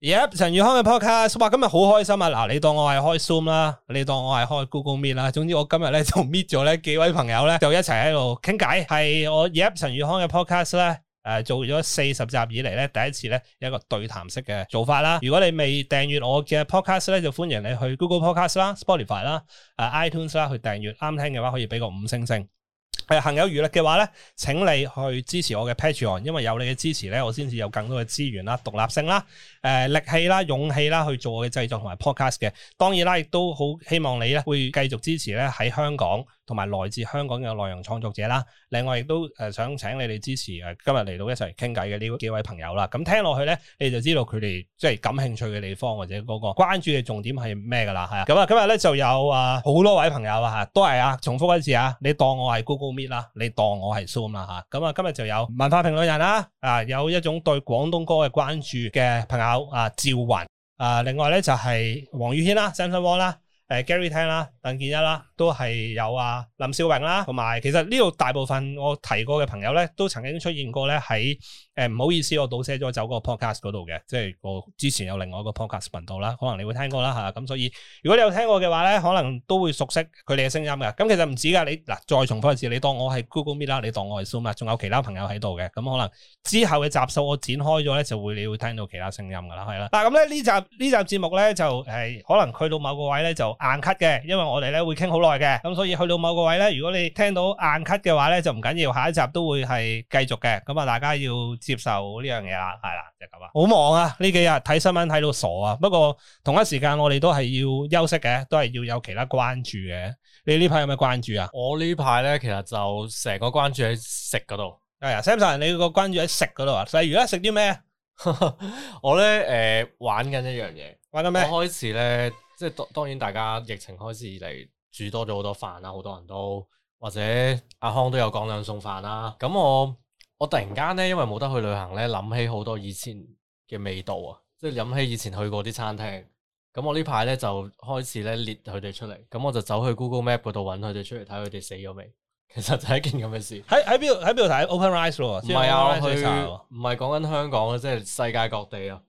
Yep，陳宇康嘅 podcast，哇，今日好開心啊！嗱，你當我係開 Zoom 啦，你當我係開 Google Meet 啦，總之我今日咧就 meet 咗咧幾位朋友咧，就一齊喺度傾偈。係我 Yep，陳宇康嘅 podcast 咧，誒、呃，做咗四十集以嚟咧，第一次咧一個對談式嘅做法啦。如果你未訂閱我嘅 podcast 咧，就歡迎你去 Google Podcast 啦、Spotify 啦、誒、啊、iTunes 啦去訂閱。啱聽嘅話可以俾個五星星。係行有餘力嘅話咧，請你去支持我嘅 Patreon，因為有你嘅支持咧，我先至有更多嘅資源啦、獨立性啦、誒、呃、力氣啦、勇氣啦，去做我嘅製作同埋 podcast 嘅。當然啦，亦都好希望你咧會繼續支持咧喺香港，同埋來自香港嘅內容創作者啦，另外亦都誒想請你哋支持誒今日嚟到一齊傾偈嘅呢幾位朋友啦，咁聽落去咧，你就知道佢哋即係感興趣嘅地方或者嗰個關注嘅重點係咩噶啦，係啊，咁啊今日咧就有啊好多位朋友啊嚇，都係啊重複一次啊，你當我係 Google Meet 啦，你當我係 Zoom 啦嚇，咁啊今日就有文化評論人啦，啊有一種對廣東歌嘅關注嘅朋友啊趙雲啊，另外咧就係黃宇軒啦，Samson Wong 啦。誒 Gary 聽啦，鄧鍵一啦，都係有啊，林兆榮啦，同埋其實呢度大部分我提過嘅朋友咧，都曾經出現過咧喺誒唔好意思，我倒車咗走個 podcast 嗰度嘅，即係我之前有另外一個 podcast 頻道啦，可能你會聽過啦嚇，咁所以如果你有聽過嘅話咧，可能都會熟悉佢哋嘅聲音嘅。咁其實唔止㗎，你嗱再重複一次，你當我係 Google Meet 啦，你當我係 Zoom 啦，仲有其他朋友喺度嘅，咁可能之後嘅集數我展開咗咧，就會你會聽到其他聲音㗎啦，係啦。嗱咁咧呢集呢集節目咧就誒可能去到某個位咧就硬 cut 嘅，因為我哋咧會傾好耐嘅，咁所以去到某個位咧，如果你聽到硬 cut 嘅話咧，就唔緊要，下一集都會係繼續嘅，咁啊大家要接受呢樣嘢，啦係啦，就咁啊。好忙啊，呢幾日睇新聞睇到傻啊，不過同一時間我哋都係要休息嘅，都係要有其他關注嘅。你呢排有咩關注啊？我呢排咧其實就成個關注喺食嗰度。係啊，Samson 你個關注喺食嗰度啊？例如咧食啲咩？ 我咧誒玩緊一樣嘢，玩緊咩？我開始咧。即係當當然，大家疫情開始以嚟，煮多咗好多飯啊！好多人都或者阿康都有講兩餸飯啦。咁我我突然間呢，因為冇得去旅行呢，諗起好多以前嘅味道啊！即係諗起以前去過啲餐廳。咁我呢排呢，就開始呢，列佢哋出嚟。咁我就走去 Google Map 嗰度揾佢哋出嚟，睇佢哋死咗未？其實就係一件咁嘅事。喺喺邊度？喺邊度睇？Open Rice 咯？唔係啊，唔係講緊香港啊，即係世界各地啊。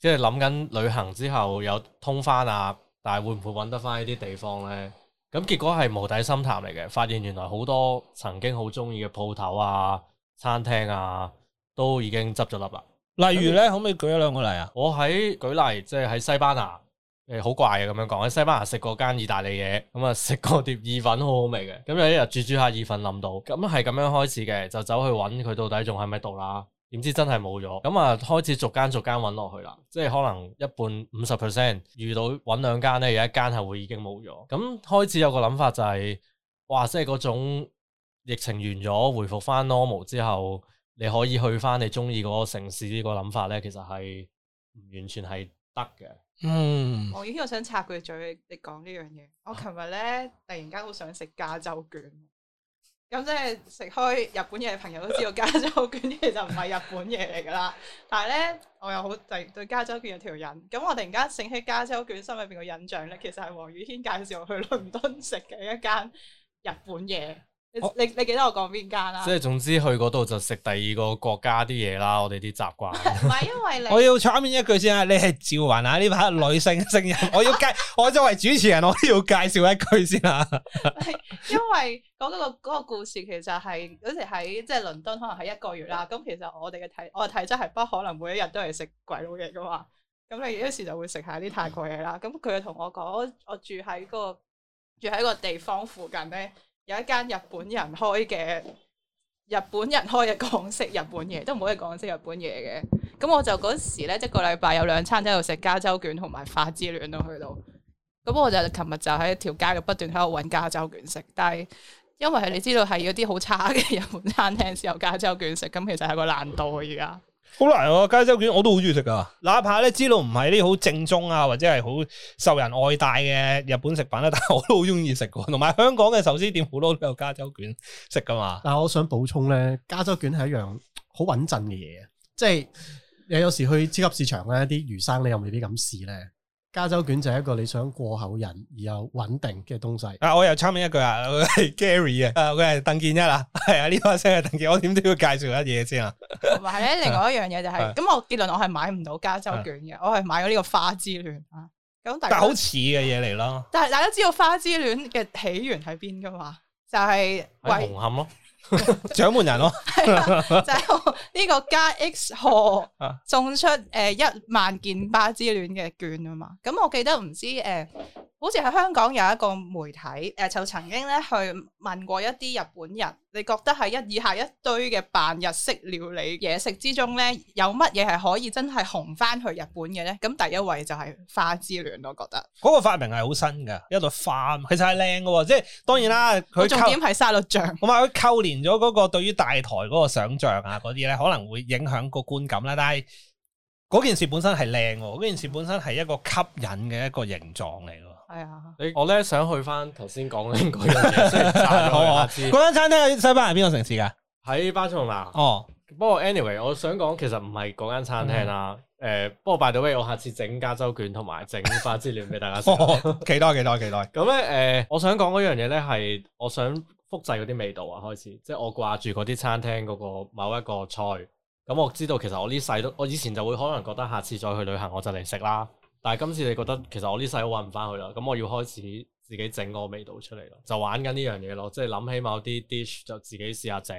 即係諗緊旅行之後有通翻啊！但係會唔會揾得翻呢啲地方呢？咁結果係無底深潭嚟嘅，發現原來好多曾經好鍾意嘅鋪頭啊、餐廳啊，都已經執咗笠啦。例如呢，后可唔可以舉一兩個例啊？我喺舉例，即係喺西班牙，誒、呃，好怪嘅咁樣講喺西班牙食過間意大利嘢，咁啊食過碟意粉好好味嘅，咁就一日煮一煮下意粉諗到，咁係咁樣開始嘅，就走去揾佢到底仲係咪度啦。點知真係冇咗，咁啊開始逐間逐間揾落去啦，即係可能一半五十 percent 遇到揾兩間呢，有一間係會已經冇咗。咁開始有個諗法就係、是，哇！即係嗰種疫情完咗，回復翻 normal 之後，你可以去翻你中意嗰個城市呢個諗法呢，其實係完全係得嘅。嗯，黃宇軒，我想插句嘴，你講呢樣嘢，我琴日呢，啊、突然間好想食加州卷。咁即係食開日本嘢嘅朋友都知道，加州卷其實唔係日本嘢嚟噶啦。但係呢，我又好對對加州卷有條癮。咁我突然間醒起加州卷，心裏邊個印象呢，其實係黃宇軒介紹我去倫敦食嘅一間日本嘢。你、哦、你記得我講邊間啦？即係總之去嗰度就食第二個國家啲嘢啦，我哋啲習慣。唔係是 因為你要場面一句先啊，你係趙雲啊，呢排女性嘅聲音，我要介，我作為主持人，我都要介紹一句先啊。因為講嗰個個故事，其實係嗰時喺即係倫敦，可能係一個月啦。咁 其實我哋嘅體我嘅體質係不可能每一日都係食鬼佬嘢噶嘛。咁你有時就會食下啲泰國嘢啦。咁佢又同我講，我住喺、那個住喺個地方附近咧。有一間日本人開嘅，日本人開嘅港式日本嘢，都唔可以港式日本嘢嘅。咁我就嗰時咧、就是、一個禮拜有兩餐喺度食加州卷同埋化之戀咯，去到咁我就琴日就喺條街度不斷喺度揾加州卷食，但係因為係你知道係有啲好差嘅日本餐廳先有加州卷食，咁其實係個難度而家。好難啊！加州卷我都好中意食噶，哪怕咧知道唔係啲好正宗啊，或者係好受人愛戴嘅日本食品咧，但係我都好中意食噶。同埋香港嘅壽司店好多都有加州卷食噶嘛。但係我想補充咧，加州卷係一樣好穩陣嘅嘢，即係你有時去超級市場咧，啲魚生你又未必咁試咧。加州卷就係一個你想過口癮而又穩定嘅東西。啊，我又插尾一句啊，係 Gary 啊，佢係鄧鍵一啊。係啊，呢把聲係鄧鍵，我點都要介紹一嘢先啊。係咧，另外一樣嘢就係、是，咁、啊、我結論我係買唔到加州卷嘅，啊、我係買咗呢個花之戀啊。咁但係好似嘅嘢嚟啦。但係大家，大家知道花之戀嘅起源喺邊噶嘛？就係、是、紅磡咯。喂 掌門人咯、哦 ，就呢、是、個加 X 賀送出誒一萬件芭之戀嘅券啊嘛，咁我記得唔知誒。呃好似喺香港有一個媒體，誒、呃、就曾經咧去問過一啲日本人，你覺得係一以下一堆嘅扮日式料理嘢食之中咧，有乜嘢係可以真係紅返去日本嘅咧？咁第一位就係花之戀，我覺得嗰個發明係好新嘅，一粒花其實係靚嘅，即係當然啦，佢重點係沙律醬。我話佢扣連咗嗰個對於大台嗰個想像啊，嗰啲咧可能會影響個觀感啦。但係嗰件事本身係靚，嗰件事本身係一個吸引嘅一個形狀嚟嘅。係啊，你我咧想去翻頭先講嗰樣嘢，所以查咗嗰間餐廳喺西班牙邊個城市嘅？喺巴塞羅、啊哦、那。哦、嗯呃，不過 anyway，我想講其實唔係嗰間餐廳啦。誒，不過 by the way，我下次整加州卷同埋整花枝料俾大家食。期待、 哦，期待，期待。咁咧，誒，我想講嗰樣嘢咧，係我想複製嗰啲味道啊。開始，即、就、係、是、我掛住嗰啲餐廳嗰個某一個菜。咁、嗯、我知道其實我呢世都，我以前就會可能覺得下次再去旅行我就嚟食啦。但係今次你覺得其實我呢世都揾唔翻去啦，咁我要開始自己整個味道出嚟咯，就玩緊呢樣嘢咯，即係諗起某啲 dish 就自己試下整，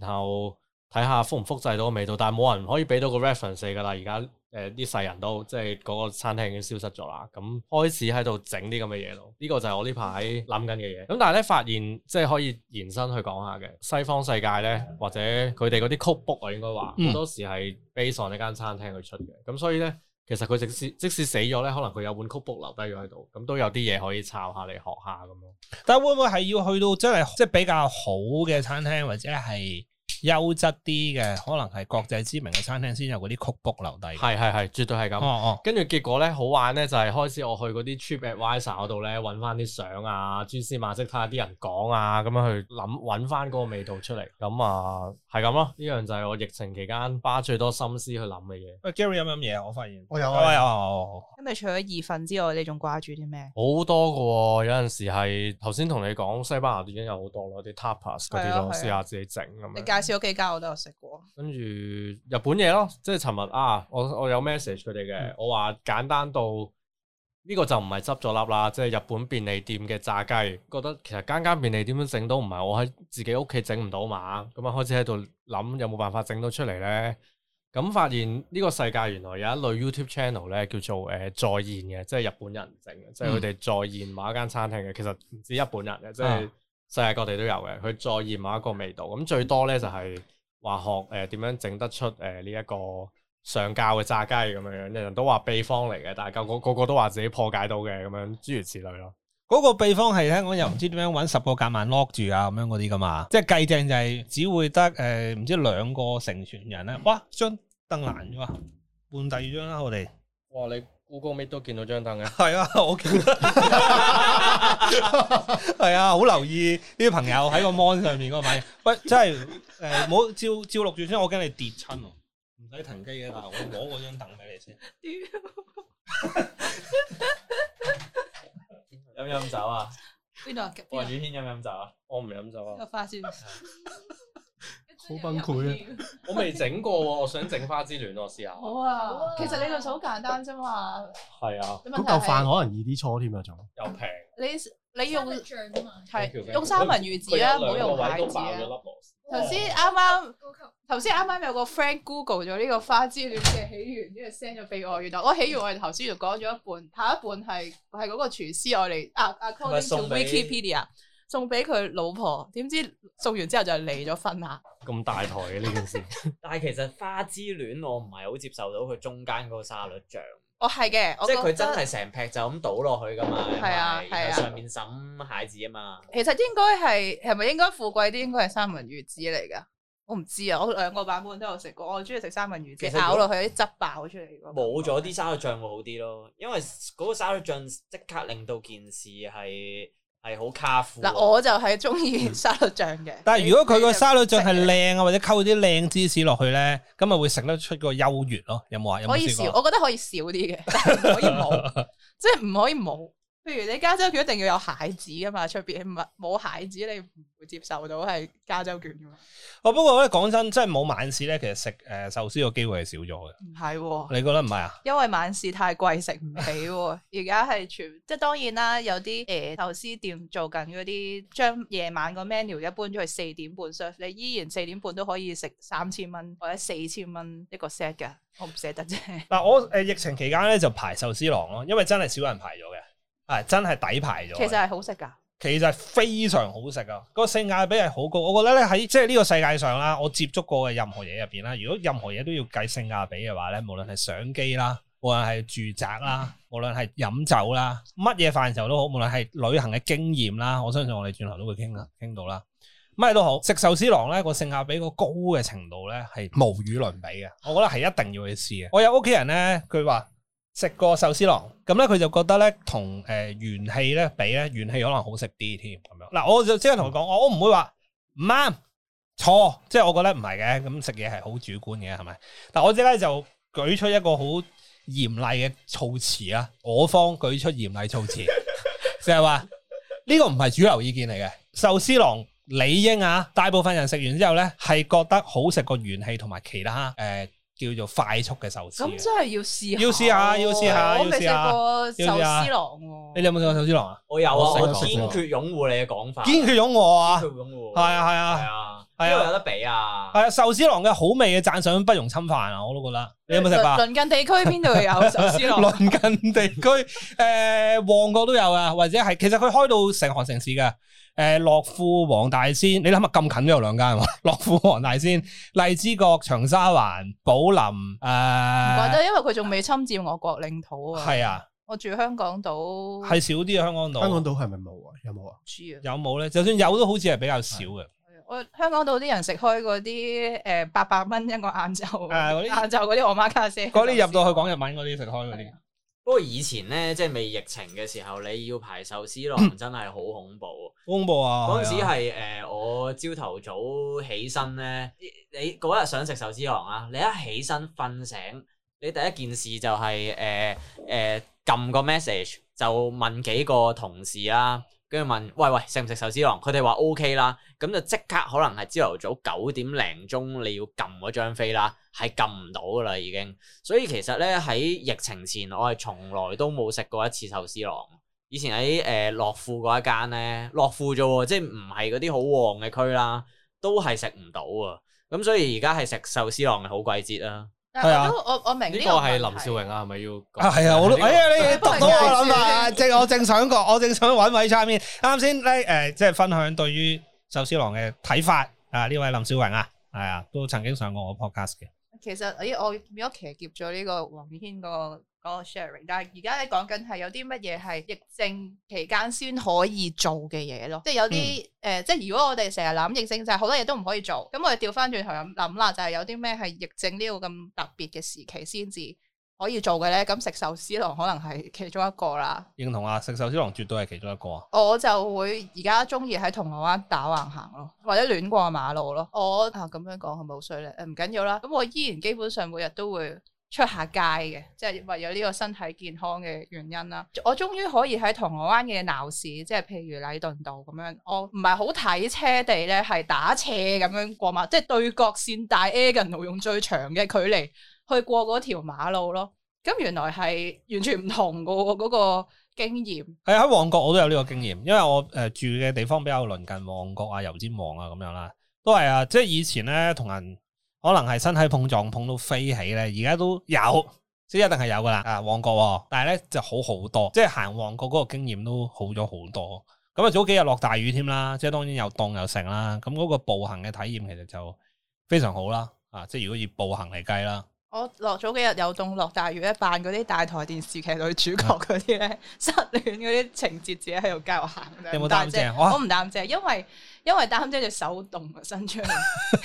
然後睇下複唔複製到個味道，但係冇人可以俾到個 reference 㗎啦。而家誒啲世人都即係嗰個餐廳已經消失咗啦，咁開始喺度整啲咁嘅嘢咯。呢、這個就係我呢排諗緊嘅嘢。咁但係咧發現即係可以延伸去講下嘅西方世界咧，或者佢哋嗰啲 cookbook 啊，我應該話好多時係 base on 呢間餐廳去出嘅，咁所以咧。其實佢即使即使死咗，可能佢有本曲 o 留低咗喺度，咁都有啲嘢可以抄下嚟學下，咁但會唔會係要去到即係、就是、比較好嘅餐廳，或者係？優質啲嘅，可能係國際知名嘅餐廳先有嗰啲 cookbook 留底。係係係，絕對係咁。哦哦。跟住結果咧，好玩咧就係開始我去嗰啲 TripAdvisor 度咧，揾翻啲相啊，蛛絲馬跡睇下啲人講啊，咁樣去諗揾翻嗰個味道出嚟。咁啊，係咁咯。呢樣就係我疫情期間花最多心思去諗嘅嘢。Gary 有唔飲嘢？我發現我有啊，有。咁你除咗意粉之外，你仲掛住啲咩？好多㗎，有陣時係頭先同你講西班牙已經有好多咯，啲 tapas 嗰啲咯，試下自己整咁樣。少幾間我都有食過，跟住日本嘢咯，即係尋日啊，我我有 message 佢哋嘅，嗯、我話簡單到呢、呢個就唔係執咗粒啦，即係日本便利店嘅炸雞，覺得其實間間便利店都整到唔係我喺自己屋企整唔到嘛，咁、嗯、啊、嗯、開始喺度諗有冇辦法整到出嚟呢？咁發現呢個世界原來有一類 YouTube channel 呢叫做誒再、呃、現嘅，即係日本人整嘅，嗯、即係佢哋再現某一間餐廳嘅，其實唔止日本人嘅，即係、嗯。即係世界各地都有嘅，佢再驗一個味道，咁最多咧就係、是、話學誒點、呃、樣整得出誒呢一個上校嘅炸雞咁樣樣，人人都話秘方嚟嘅，但係個個個都話自己破解到嘅咁樣，諸如此類咯。嗰個秘方係香港又唔知點樣揾，十個夾萬 lock 住啊，咁樣嗰啲噶嘛，即係計定就係只會得誒唔、呃、知兩個成全人咧、啊，哇，張凳爛咗啊，換第二張啦、啊，我哋，哇你。Google 咪都見到張凳嘅，係啊，我見啦，係啊，好留意呢啲朋友喺個 mon 上面嗰個反應，喂，真係誒，唔好照照錄住先，我驚你跌親喎，唔使停機嘅嗱，我攞嗰張凳俾你先。飲唔飲酒啊？邊度？黃宇軒飲唔飲酒啊？我唔飲酒啊。我發燒。好崩潰啊！我未整過喎，我想整花之戀咯，我試下。好啊，其實你個菜好簡單啫嘛。係啊，咁嚿飯可能二啲錯添啊仲。又平。你你用係用三文魚籽啦，唔好用蟹籽啦。頭先啱啱頭先啱啱有個 friend Google 咗呢個花之戀嘅起源，跟住 send 咗俾我。原來我起源我哋頭先就講咗一半，下一半係係嗰個廚師我哋啊 According to Wikipedia。送俾佢老婆，點知送完之後就離咗婚啊！咁大台嘅呢件事， 但係其實花之戀我唔係好接受到佢中間嗰個沙律醬。哦，係嘅，即係佢真係成劈就咁倒落去噶嘛，同埋喺上面滲蟹子啊嘛。其實應該係，係咪應該富貴啲？應該係三文魚子嚟噶，我唔知啊。我兩個版本都有食過，我中意食三文魚子，其實這個，咬落去啲汁爆出嚟。冇咗啲沙律醬會好啲咯，因為嗰個沙律醬即刻令到件事係。係好卡夫嗱、啊，我就係中意沙律醬嘅、嗯。但係如果佢個沙律醬係靚啊，或者溝啲靚芝士落去咧，咁咪會食得出個優越咯。有冇啊有？有有可以少，我覺得可以少啲嘅，但係唔可以冇，即係唔可以冇。譬如你加州卷一定要有蟹子噶嘛，出邊唔冇蟹子你唔會接受到係加州卷噶嘛。哦，不過咧講真，真係冇晚市咧，其實食誒壽司個機會係少咗嘅。唔係，哦，你覺得唔係啊？因為晚市太貴，食唔起。啊，而家係全即係當然啦，有啲誒壽司店做緊嗰啲，將夜晚個 menu 一般都係四點半 s e 你依然四點半都可以食三千蚊或者四千蚊一個 set 嘅，我唔捨得啫。嗱，我、呃、誒疫情期間咧就排壽司郎咯，因為真係少人排咗嘅。係真係底牌咗，其實係好食噶，其實非常好食啊！個性價比係好高，我覺得咧喺即係呢個世界上啦，我接觸過嘅任何嘢入邊啦，如果任何嘢都要計性價比嘅話咧，無論係相機啦，無論係住宅啦，無論係飲酒啦，乜嘢範疇都好，無論係旅行嘅經驗啦，我相信我哋轉頭都會傾傾到啦，乜都好，食壽司郎咧個性價比個高嘅程度咧係無與倫比嘅，我覺得係一定要去試嘅。我有屋企人咧，佢話。食過壽司郎咁咧，佢就覺得咧同誒元氣咧比咧，元氣可能好食啲添。咁樣嗱，我就即刻同佢講，我唔會話唔啱錯，即係我覺得唔係嘅。咁食嘢係好主觀嘅，係咪？但我即刻就舉出一個好嚴厲嘅措辭啊！我方舉出嚴厲措辭， 就係話呢個唔係主流意見嚟嘅。壽司郎理應啊，大部分人食完之後咧係覺得好食過元氣同埋其他誒。呃叫做快速嘅壽司，咁真係要試下啊，要試下，要試下，要試下，我未食過壽司郎喎啊。你有冇食過壽司郎啊？我有啊，我堅決擁護你嘅講法，堅決擁護我啊，堅決擁護，係啊係啊，係啊。邊度有得比啊？係壽、嗯、司郎嘅好味嘅讚賞不容侵犯啊！我都覺得，你有冇食啊？鄰近地區邊度有壽司郎？鄰 近地區，誒，旺、呃、角都有啊。或者係其實佢開到成行成市嘅。誒、呃，樂富黃大仙，你諗下咁近都有兩間，樂富黃大仙、荔枝角、長沙灣、寶林，誒。唔、呃、怪得，因為佢仲未侵占我國領土啊！係啊，我住香港島，係少啲啊！香港島，香港島係咪冇啊？有冇啊？有冇咧？就算有，都好似係比較少嘅。我香港度啲人食開嗰啲誒，八百蚊一個晏晝。晏晝嗰啲我媽卡先。嗰啲些入到去講日文嗰啲食開嗰啲，嗯。不過以前呢，即係未疫情嘅時候，你要排壽司郎真係好恐怖。恐怖啊！嗰陣時係我朝頭早起身呢，嗯、你嗰日想食壽司郎啊，你一起身瞓醒，你第一件事就係誒誒撳個 message 就問幾個同事啊。跟住問，喂喂，食唔食壽司郎？佢哋話 O K 啦，咁就即刻可能係朝頭早九點零鐘你要撳嗰張飛啦，係撳唔到噶啦已經。所以其實咧喺疫情前，我係從來都冇食過一次壽司郎。以前喺誒樂富嗰一間咧，樂富啫喎，即係唔係嗰啲好旺嘅區啦，都係食唔到啊。咁所以而家係食壽司郎嘅好季節啦。係啊，我我明呢個係林兆榮啊，係咪要講？啊係啊，我都哎呀，你讀到我諗、 呃、法，啊。即正我正想講，我正想搵位嘉賓。啱先你誒，即係分享對於壽司郎嘅睇法啊，呢位林兆榮啊，係啊，都曾經上過我 podcast 嘅。其實，咦，我騎劫咗呢個黃宇軒嗰個嗰個 sharing，但係而家你講緊係有啲乜嘢係疫症期間先可以做嘅嘢咯，即係有啲誒、嗯呃，即係如果我哋成日諗疫症就係好多嘢都唔可以做，咁我哋調翻轉頭咁諗啦，就係、是、有啲咩係疫症呢個咁特別嘅時期先至可以做嘅咧，咁食壽司郎可能係其中一個啦。認同啊，食壽司郎絕對係其中一個啊。我就會而家中意喺銅鑼灣打橫行咯，或者亂過馬路咯。我啊咁樣講係咪好衰咧？誒、啊，唔緊要啦，咁我依然基本上每日都會。出下街嘅，即係為咗呢個身體健康嘅原因啦。我終於可以喺銅鑼灣嘅鬧市，即係譬如禮頓道咁樣，我唔係好睇車地咧，係打斜咁樣過馬，即係對角線大 A 嘅、欸、路，用最長嘅距離去過嗰條馬路咯。咁原來係完全唔同個嗰、那個經驗。係啊，喺旺角我都有呢個經驗，因為我誒、呃、住嘅地方比較鄰近旺角啊、油尖旺啊咁樣啦，都係啊。即係以前咧同人。可能係身體碰撞碰到飛起咧，而家都有，即係一定係有噶啦。啊，旺角，但係咧就好好多，即係行旺角嗰個經驗都好咗好多。咁啊，早幾日落大雨添啦，即係當然又凍又盛啦。咁嗰個步行嘅體驗其實就非常好啦。啊，即係如果以步行嚟計啦。我落早幾日有凍落大雨，一扮嗰啲大台電視劇女主角嗰啲咧，啊、失戀嗰啲情節自己喺度教我行，你有冇擔遮？即啊、我唔擔遮，因為。因為擔心隻手凍啊，伸出嚟，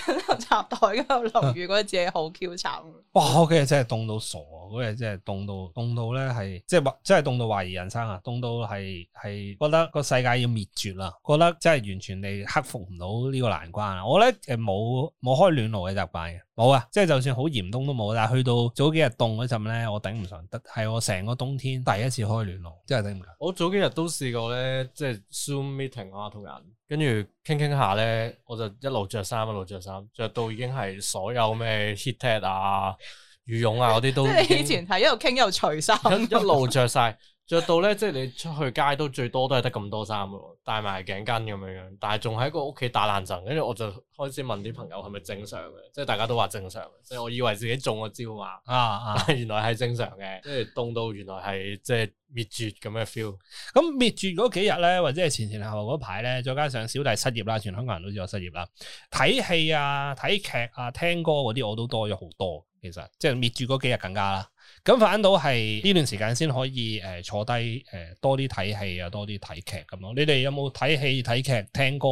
喺度插袋，咁落雨嗰陣自己好 Q 慘。 哇！嗰日真係凍到傻，嗰日，即係，真係凍到凍到咧，係即係即係凍到懷疑人生啊！凍到係係覺得個世界要滅絕啦，覺得真係完全嚟克服唔到呢個難關啊！我咧誒，冇冇開暖爐嘅習慣嘅，冇啊！即係就算好嚴冬都冇，但係去到早幾日凍嗰陣咧，我頂唔順得係我成個冬天第一次開暖爐，真係頂唔順。我早幾日都試過咧，即係 Zoom meeting 啊，同人。跟住傾傾下呢，我就一路着衫，一路着衫，着到已經係所有咩 heat pad 啊、羽絨啊嗰啲都。即係 以前係一路傾一路除衫。一路着晒。 着到咧，即係你出去街都最多都係得咁多衫咯，帶埋頸巾咁樣樣，但係仲喺個屋企打爛陣，跟住我就開始問啲朋友係咪正常嘅，即係大家都話正常嘅，即係我以為自己中咗招嘛，啊啊，啊原來係正常嘅，即係凍到原來係即係滅絕咁嘅 feel。咁、啊啊嗯、滅絕嗰幾日咧，或者係前前後後嗰排咧，再加上小弟失業啦，全香港人都知我失業啦，睇戲啊、睇劇啊、聽歌嗰、啊、啲我都多咗好多。其實即係滅住嗰幾日更加啦，咁反到係呢段時間先可以誒、呃、坐低誒多啲睇戲啊，多啲睇劇咁咯。你哋有冇睇戲睇劇聽歌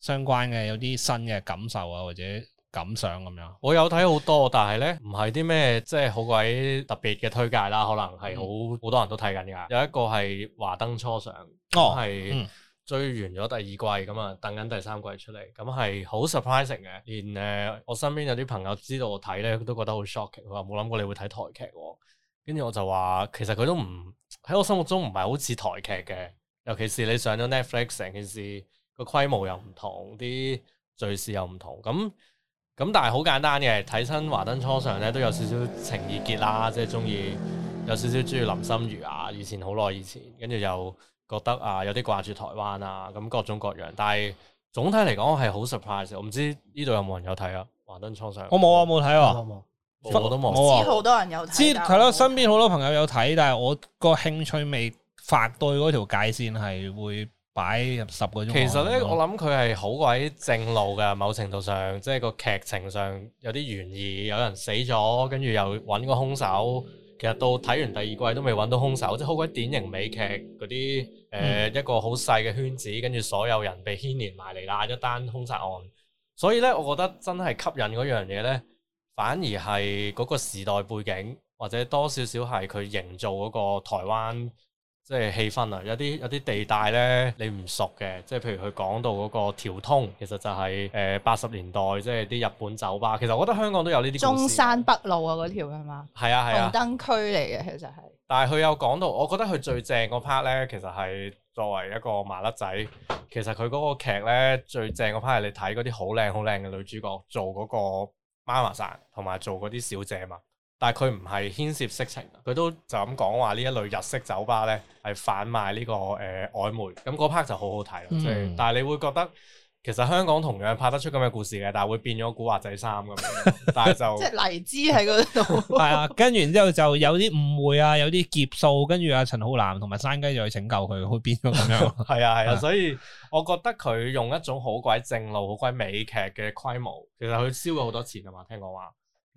相關嘅有啲新嘅感受啊或者感想咁樣？我有睇好多，但係咧唔係啲咩即係好鬼特別嘅推介啦，可能係好好多人都睇緊噶。有一個係華燈初上，都係、哦。嗯追完咗第二季咁啊，等緊第三季出嚟，咁係好 surprising 嘅。連誒、呃、我身邊有啲朋友知道我睇咧，都覺得好 shocking。佢話冇諗過你會睇台劇喎。哦。跟住我就話，其實佢都唔喺我心目中唔係好似台劇嘅。尤其是你上咗 Netflix，成件事個規模又唔同，啲敘事又唔同。咁咁但係好簡單嘅，睇親華燈初上咧都有少少情意結啦，即係中意有少少中意林心如啊，以前好耐以前，跟住又。覺得啊，有啲掛住台灣啊，咁各種各樣，但係總體嚟講，我係好 surprise，我唔知呢度有冇人有睇啊？華燈初上，我冇啊，冇睇啊，我沒都冇，啊，知好多人有睇，知係道咯，我身邊好多朋友有睇，但係我個興趣未發對嗰條界線，係會擺入十個鐘。其實咧，我諗佢係好鬼正路㗎，某程度上即係個劇情上有啲懸疑，有人死咗，跟住又揾個兇手。其實到睇完第二季都未揾到兇手，即係好鬼典型美劇嗰啲、呃嗯、一個好細嘅圈子，跟住所有人被牽連埋嚟啦，一單兇殺案。所以呢，我覺得真係吸引嗰樣嘢呢，反而係嗰個時代背景，或者多少少係佢營造嗰個台灣。即係氣氛啊！有啲有啲地帶咧，你唔熟嘅，即係譬如佢講到嗰個條通，其實就係誒八十年代，即係啲日本酒吧。其實我覺得香港都有呢啲。中山北路啊，嗰條啊嘛。係啊係啊。紅燈、啊、區嚟嘅其實係。但係佢有講到，我覺得佢最正個 part 咧，其實係作為一個麻甩仔，其實佢嗰個劇咧最正個 part 係你睇嗰啲好靚好靚嘅女主角做嗰個媽媽生，同埋做嗰啲小姐嘛。但係佢唔係牽涉色情，佢都就咁講話呢一類日式酒吧咧，係販賣呢、呢個誒、呃、曖昧。咁嗰 part 就好好睇咯，即係、嗯就是。但係你會覺得其實香港同樣拍得出咁嘅故事嘅，但係會變咗古惑仔三咁樣。但係就即係黎姿喺嗰度。係 啊，跟完之後就有啲誤會啊，有啲劫數，跟住阿陳浩南同埋山雞又去拯救佢，會 變咗咁樣。係啊係啊，所以我覺得佢用一種好鬼正路、好鬼美劇嘅規模，其實佢燒咗好多錢啊嘛，聽講話。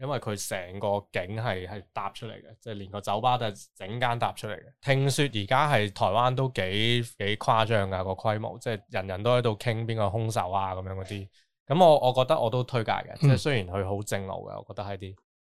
因為佢成個景係搭出嚟嘅，即係連個酒吧都係整間搭出嚟嘅。聽說而家係台灣都幾幾誇張嘅個規模，即係人人都喺度傾邊個兇手啊咁樣嗰啲。咁我我覺得我都推介嘅，嗯、即係雖然佢好正路嘅，我覺得係啲。